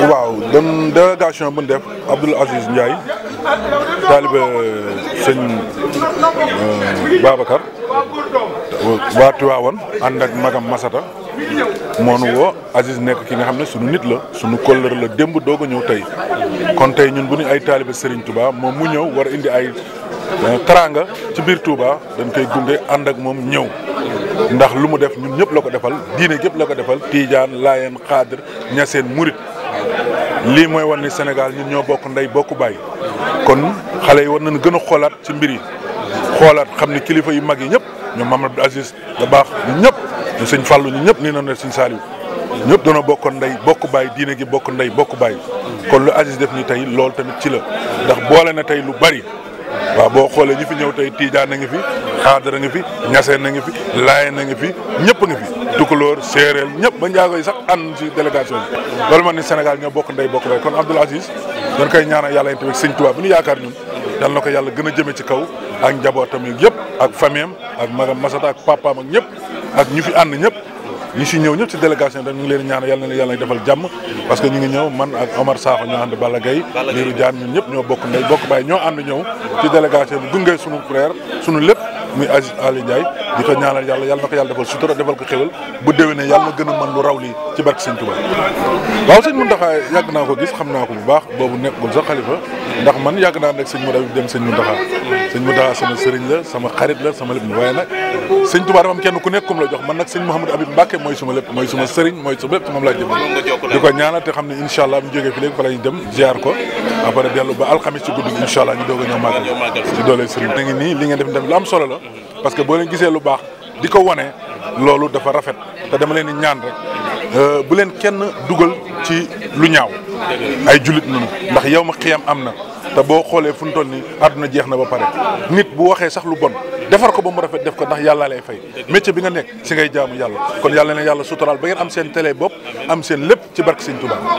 Euh, waaw dem délégation bu ñu def Abdoul Aziz Ndiaye taalibe sëñ euh, Babacar waa Tiwaawan ànd ak magam Masata moonu woo Aziz nekk ki nga xam ne suñu nit la suñu kóllëre la démb doo ko ñëw tey kon tey ñun bu ñu ay taalibe Serigne Touba moom mu ñëw war a indi ay euh, teraanga ci biir Touba dañ koy gunge ànd ak moom ñëw ndax lu mu def ñun ñëpp la ko defal diine gépp la ko defal Tiijaan Laayeen Xaadir Ñaseen Murit lii mooy wan ni Sénégal ñun ñoo bokk ndey bokk baay kon xale yi war na gën a xoolaat ci mbir yi xoolaat xam ni kilifa yu mag yi ñëpp ñoom Mame Abdou Aziz da baax ñu ñëpp ñu sëñ ñu ñëpp nii na ne sëñ Saliou ñëpp doona bokkoon ndey bokk baay diine gi bokk ndey bokk baay kon lu Aziz def ni tey loolu tamit ci la ndax boole na tey lu bari waaw boo xoolee ñi fi ñëw tey Tiijaan na ngi fi xaadara ngi fi ñaseen na ngi fi laaye na ngi fi ñëpp ngi fi tukulóor séeréer ñëpp ba njaago yi sax ànd ci délégation bi loolu man ni Sénégal ñoo bokk ndey bokk bay kon Abdoul Aziz dañ koy ñaanal yàlla tamit sëñ ñu yaakaar ñun yal ko yàlla gën a jëme ci kaw ak njabootam yëpp ak famiyam ak magam Masata ak papaam ñëpp ak ñu fi ànd ñëpp ñi si ñëw ñëpp si délégation ñu ngi leen ñaanal yàlla na yàlla defal jàmm parce que ñu ngi ñëw man ak Omar Sakho ñoo ànd Balla Gaye Lirou ñun ñëpp ñoo bokk ndey bokk bay ñoo ànd ñëw ci délégation bi gunge suñu frère sunu lépp muy Aziz Ali Ndiaye di ko ñaanal yàlla yàlla na ko yàlla defal sutura defal ko xéwal bu ne yàlla na gën a mën lu raw lii ci barke Sëñ Tuubaa waaw sëñ Muntaxa yàgg naa ko gis xam naa ko bu baax boobu nekkul sax xalifa ndax man yàgg naa nekk sëñ mu dem sëñ Muntaxa sëñ Mouta sama sëriñ la sama xarit la sama lépp waaye nag kenn ku nekk kum la jox man nag sëñ Mouhamadou Habib Mbacke mooy suma lépp mooy suma sëriñ mooy suma ba a ñëw màggal ci doole sëriñ na ngi nii li ngeen def tamit lu am solo leen gisee loolu dafa rafet te dama leen di ñaan rek euh, bu leen kenn dugal ci lu ñaaw ay julit nunu ndax yow ma xiyam am na te boo xoolee fu mu toll nii àdduna jeex na ba pare nit bu waxee sax lu bon defar ko ba mu rafet def ko ndax yàllaa lay fay métier bi nga nekk si ngay jaamu yàlla kon yàlla na yàlla suturaal ba ngeen am seen tele bopp am seen lépp ci barke Sëñ